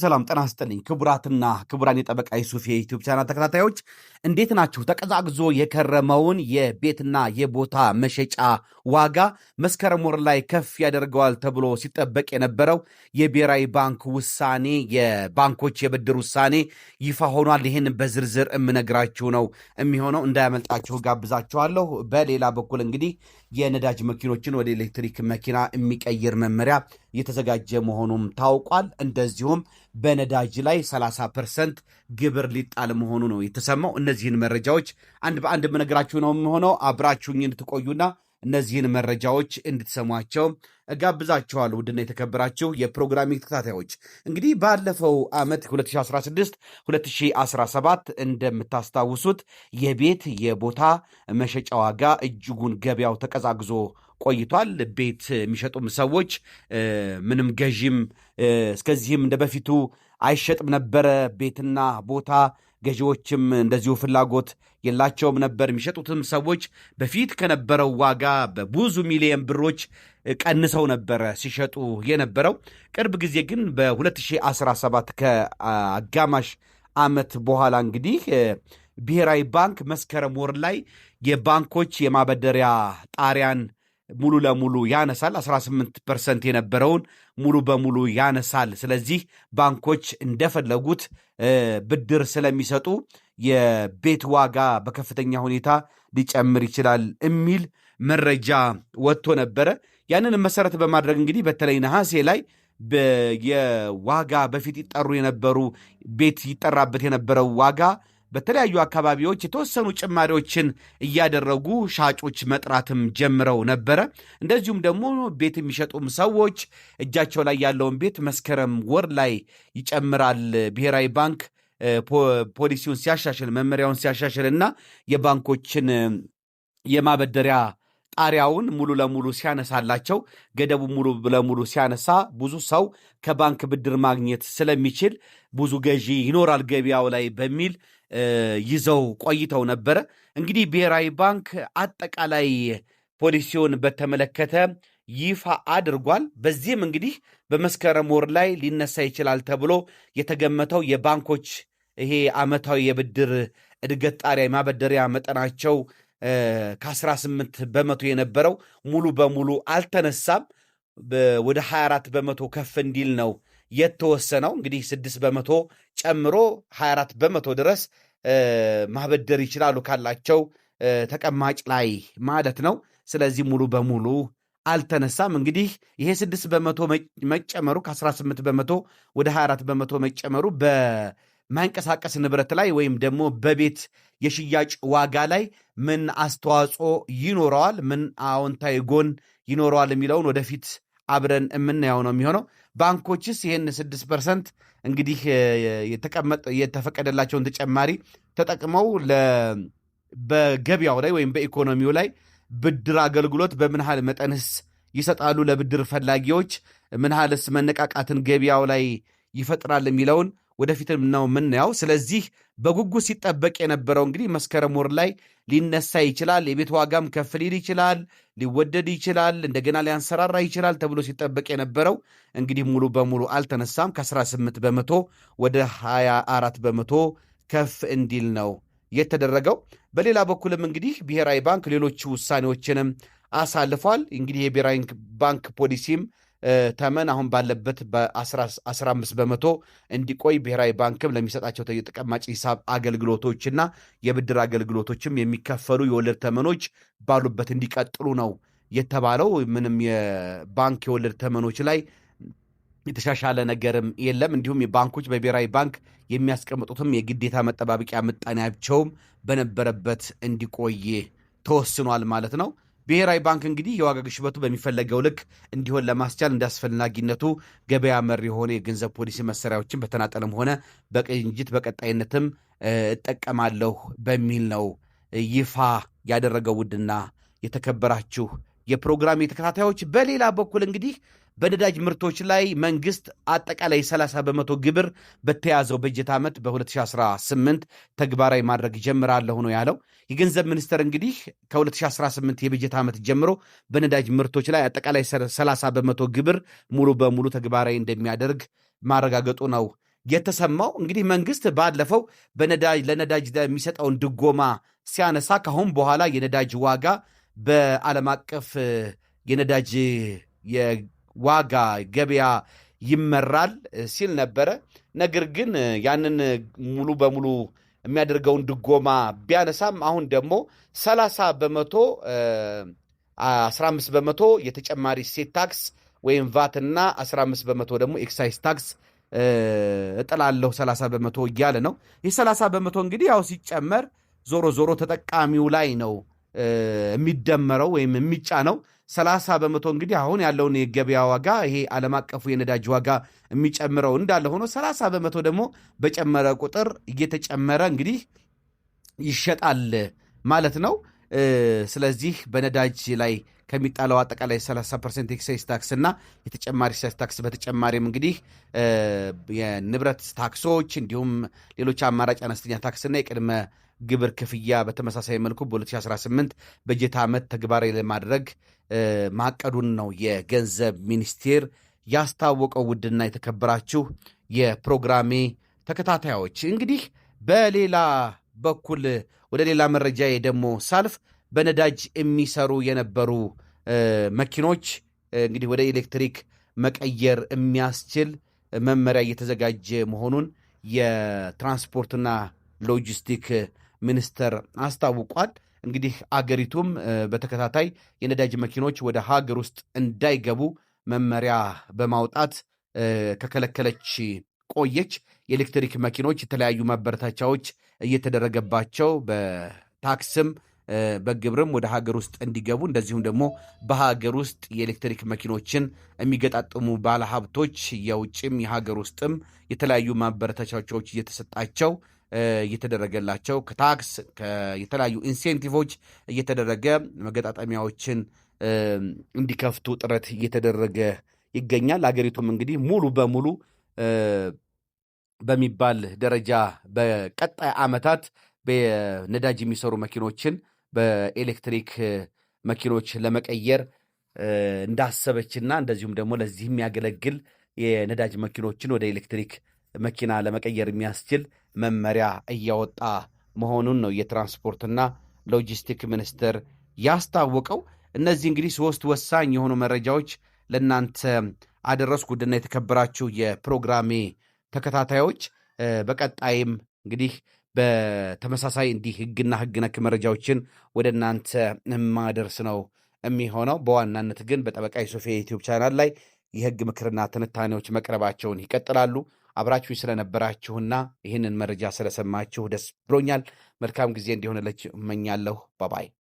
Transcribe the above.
ሰላም ጤና ይስጥልኝ ክቡራትና ክቡራን የጠበቃ ዩሱፍ የዩቲዩብ ቻናል ተከታታዮች እንዴት ናችሁ? ተቀዛቅዞ የከረመውን የቤትና የቦታ መሸጫ ዋጋ መስከረም ወር ላይ ከፍ ያደርገዋል ተብሎ ሲጠበቅ የነበረው የብሔራዊ ባንክ ውሳኔ የባንኮች የብድር ውሳኔ ይፋ ሆኗል። ይህን በዝርዝር የምነግራችሁ ነው የሚሆነው እንዳያመልጣችሁ ጋብዛችኋለሁ። በሌላ በኩል እንግዲህ የነዳጅ መኪኖችን ወደ ኤሌክትሪክ መኪና የሚቀይር መመሪያ እየተዘጋጀ መሆኑም ታውቋል። እንደዚሁም በነዳጅ ላይ 30 ፐርሰንት ግብር ሊጣል መሆኑ ነው የተሰማው። እነዚህን መረጃዎች አንድ በአንድ የምነግራችሁ ነው የሚሆነው። አብራችሁኝ እንድትቆዩና እነዚህን መረጃዎች እንድትሰሟቸው እጋብዛችኋል። ውድና የተከበራችሁ የፕሮግራሚንግ ተከታታዮች እንግዲህ ባለፈው ዓመት 2016 2017 እንደምታስታውሱት የቤት የቦታ መሸጫ ዋጋ እጅጉን ገበያው ተቀዛግዞ ቆይቷል። ቤት የሚሸጡም ሰዎች ምንም ገዥም እስከዚህም እንደ በፊቱ አይሸጥም ነበረ። ቤትና ቦታ ገዢዎችም እንደዚሁ ፍላጎት የላቸውም ነበር። የሚሸጡትም ሰዎች በፊት ከነበረው ዋጋ በብዙ ሚሊየን ብሮች ቀንሰው ነበረ ሲሸጡ የነበረው። ቅርብ ጊዜ ግን በ2017 ከአጋማሽ ዓመት በኋላ እንግዲህ ብሔራዊ ባንክ መስከረም ወር ላይ የባንኮች የማበደሪያ ጣሪያን ሙሉ ለሙሉ ያነሳል። 18 ፐርሰንት የነበረውን ሙሉ በሙሉ ያነሳል። ስለዚህ ባንኮች እንደፈለጉት ብድር ስለሚሰጡ የቤት ዋጋ በከፍተኛ ሁኔታ ሊጨምር ይችላል የሚል መረጃ ወጥቶ ነበረ። ያንን መሰረት በማድረግ እንግዲህ በተለይ ነሐሴ ላይ የዋጋ በፊት ይጠሩ የነበሩ ቤት ይጠራበት የነበረው ዋጋ በተለያዩ አካባቢዎች የተወሰኑ ጭማሪዎችን እያደረጉ ሻጮች መጥራትም ጀምረው ነበረ። እንደዚሁም ደግሞ ቤት የሚሸጡም ሰዎች እጃቸው ላይ ያለውን ቤት መስከረም ወር ላይ ይጨምራል ብሔራዊ ባንክ ፖሊሲውን ሲያሻሽል፣ መመሪያውን ሲያሻሽል እና የባንኮችን የማበደሪያ ጣሪያውን ሙሉ ለሙሉ ሲያነሳላቸው ገደቡ ሙሉ ለሙሉ ሲያነሳ ብዙ ሰው ከባንክ ብድር ማግኘት ስለሚችል ብዙ ገዢ ይኖራል ገበያው ላይ በሚል ይዘው ቆይተው ነበረ። እንግዲህ ብሔራዊ ባንክ አጠቃላይ ፖሊሲውን በተመለከተ ይፋ አድርጓል። በዚህም እንግዲህ በመስከረም ወር ላይ ሊነሳ ይችላል ተብሎ የተገመተው የባንኮች ይሄ ዓመታዊ የብድር እድገት ጣሪያ የማበደሪያ መጠናቸው ከ18 በመቶ የነበረው ሙሉ በሙሉ አልተነሳም። ወደ 24 በመቶ ከፍ እንዲል ነው የተወሰነው። እንግዲህ 6 በመቶ ጨምሮ 24 በመቶ ድረስ ማበደር ይችላሉ ካላቸው ተቀማጭ ላይ ማለት ነው። ስለዚህ ሙሉ በሙሉ አልተነሳም። እንግዲህ ይሄ 6 በመቶ መጨመሩ ከ18 በመቶ ወደ 24 በመቶ መጨመሩ በ ማንቀሳቀስ ንብረት ላይ ወይም ደግሞ በቤት የሽያጭ ዋጋ ላይ ምን አስተዋጽኦ ይኖረዋል፣ ምን አዎንታዊ ጎን ይኖረዋል የሚለውን ወደፊት አብረን የምናየው ነው የሚሆነው። ባንኮችስ ይህን ስድስት ፐርሰንት እንግዲህ የተፈቀደላቸውን ተጨማሪ ተጠቅመው በገበያው ላይ ወይም በኢኮኖሚው ላይ ብድር አገልግሎት በምን ያህል መጠንስ ይሰጣሉ? ለብድር ፈላጊዎች ምን ያህልስ መነቃቃትን ገበያው ላይ ይፈጥራል የሚለውን ወደፊትም ነው የምናየው። ስለዚህ በጉጉት ሲጠበቅ የነበረው እንግዲህ መስከረም ወር ላይ ሊነሳ ይችላል። የቤት ዋጋም ከፍ ሊል ይችላል፣ ሊወደድ ይችላል፣ እንደገና ሊያንሰራራ ይችላል ተብሎ ሲጠበቅ የነበረው እንግዲህ ሙሉ በሙሉ አልተነሳም። ከ18 በመቶ ወደ 24 በመቶ ከፍ እንዲል ነው የተደረገው። በሌላ በኩልም እንግዲህ ብሔራዊ ባንክ ሌሎች ውሳኔዎችንም አሳልፏል። እንግዲህ የብሔራዊ ባንክ ፖሊሲም ተመን አሁን ባለበት በ15 በመቶ እንዲቆይ ብሔራዊ ባንክም ለሚሰጣቸው ተቀማጭ ሂሳብ አገልግሎቶችና የብድር አገልግሎቶችም የሚከፈሉ የወለድ ተመኖች ባሉበት እንዲቀጥሉ ነው የተባለው። ምንም የባንክ የወለድ ተመኖች ላይ የተሻሻለ ነገርም የለም። እንዲሁም ባንኮች በብሔራዊ ባንክ የሚያስቀምጡትም የግዴታ መጠባበቂያ ምጣኔያቸውም በነበረበት እንዲቆይ ተወስኗል ማለት ነው። ብሔራዊ ባንክ እንግዲህ የዋጋ ግሽበቱ በሚፈለገው ልክ እንዲሆን ለማስቻል እንደ አስፈላጊነቱ ገበያ መር የሆነ የገንዘብ ፖሊሲ መሳሪያዎችን በተናጠልም ሆነ በቅንጅት በቀጣይነትም እጠቀማለሁ በሚል ነው ይፋ ያደረገው። ውድና የተከበራችሁ የፕሮግራም ተከታታዮች። በሌላ በኩል እንግዲህ በነዳጅ ምርቶች ላይ መንግስት አጠቃላይ 30 በመቶ ግብር በተያዘው በጀት ዓመት በ2018 ተግባራዊ ማድረግ ጀምራለሁ ነው ያለው። የገንዘብ ሚኒስቴር እንግዲህ ከ2018 የበጀት ዓመት ጀምሮ በነዳጅ ምርቶች ላይ አጠቃላይ 30 በመቶ ግብር ሙሉ በሙሉ ተግባራዊ እንደሚያደርግ ማረጋገጡ ነው የተሰማው። እንግዲህ መንግስት ባለፈው በነዳጅ ለነዳጅ የሚሰጠውን ድጎማ ሲያነሳ ከአሁን በኋላ የነዳጅ ዋጋ በዓለም አቀፍ የነዳጅ የዋጋ ገበያ ይመራል ሲል ነበረ። ነገር ግን ያንን ሙሉ በሙሉ የሚያደርገውን ድጎማ ቢያነሳም አሁን ደግሞ 30 በመቶ 15 በመቶ የተጨማሪ ሴት ታክስ ወይም ቫትና 15 በመቶ ደግሞ ኤክሳይዝ ታክስ እጥላለሁ 30 በመቶ እያለ ነው። ይህ 30 በመቶ እንግዲህ ያው ሲጨመር ዞሮ ዞሮ ተጠቃሚው ላይ ነው የሚደመረው ወይም የሚጫነው 30 በመቶ እንግዲህ አሁን ያለውን የገበያ ዋጋ ይሄ ዓለም አቀፉ የነዳጅ ዋጋ የሚጨምረው እንዳለ ሆኖ 30 በመቶ ደግሞ በጨመረ ቁጥር እየተጨመረ እንግዲህ ይሸጣል ማለት ነው። ስለዚህ በነዳጅ ላይ ከሚጣለው አጠቃላይ 30 ፐርሰንት ኤክሳይዝ ታክስ እና የተጨማሪ ኤክሳይዝ ታክስ በተጨማሪም እንግዲህ የንብረት ታክሶች እንዲሁም ሌሎች አማራጭ አነስተኛ ታክስና የቅድመ ግብር ክፍያ በተመሳሳይ መልኩ በ2018 በጀት ዓመት ተግባራዊ ለማድረግ ማቀዱን ነው የገንዘብ ሚኒስቴር ያስታወቀው። ውድና የተከበራችሁ የፕሮግራሜ ተከታታዮች እንግዲህ በሌላ በኩል ወደ ሌላ መረጃ ደግሞ ሳልፍ በነዳጅ የሚሰሩ የነበሩ መኪኖች እንግዲህ ወደ ኤሌክትሪክ መቀየር የሚያስችል መመሪያ እየተዘጋጀ መሆኑን የትራንስፖርትና ሎጂስቲክ ሚኒስቴር አስታውቋል። እንግዲህ አገሪቱም በተከታታይ የነዳጅ መኪኖች ወደ ሀገር ውስጥ እንዳይገቡ መመሪያ በማውጣት ከከለከለች ቆየች። የኤሌክትሪክ መኪኖች የተለያዩ ማበረታቻዎች እየተደረገባቸው በታክስም በግብርም ወደ ሀገር ውስጥ እንዲገቡ እንደዚሁም ደግሞ በሀገር ውስጥ የኤሌክትሪክ መኪኖችን የሚገጣጥሙ ባለሀብቶች የውጭም የሀገር ውስጥም የተለያዩ ማበረታቻዎች እየተሰጣቸው እየተደረገላቸው ከታክስ የተለያዩ ኢንሴንቲቮች እየተደረገ መገጣጠሚያዎችን እንዲከፍቱ ጥረት እየተደረገ ይገኛል። አገሪቱም እንግዲህ ሙሉ በሙሉ በሚባል ደረጃ በቀጣይ ዓመታት በነዳጅ የሚሰሩ መኪኖችን በኤሌክትሪክ መኪኖች ለመቀየር እንዳሰበችና እንደዚሁም ደግሞ ለዚህ የሚያገለግል የነዳጅ መኪኖችን ወደ ኤሌክትሪክ መኪና ለመቀየር የሚያስችል መመሪያ እያወጣ መሆኑን ነው የትራንስፖርትና ሎጂስቲክ ሚኒስቴር ያስታወቀው። እነዚህ እንግዲህ ሶስት ወሳኝ የሆኑ መረጃዎች ለእናንተ አደረስ ጉድና የተከበራችሁ የፕሮግራሜ ተከታታዮች በቀጣይም እንግዲህ በተመሳሳይ እንዲህ ህግና ህግ ነክ መረጃዎችን ወደ እናንተ ማደርስ ነው የሚሆነው። በዋናነት ግን በጠበቃ ዩሱፍ የዩትዩብ ቻናል ላይ የህግ ምክርና ትንታኔዎች መቅረባቸውን ይቀጥላሉ። አብራችሁኝ ስለነበራችሁና ይህንን መረጃ ስለሰማችሁ ደስ ብሎኛል። መልካም ጊዜ እንዲሆንለች እመኛለሁ። ባባይ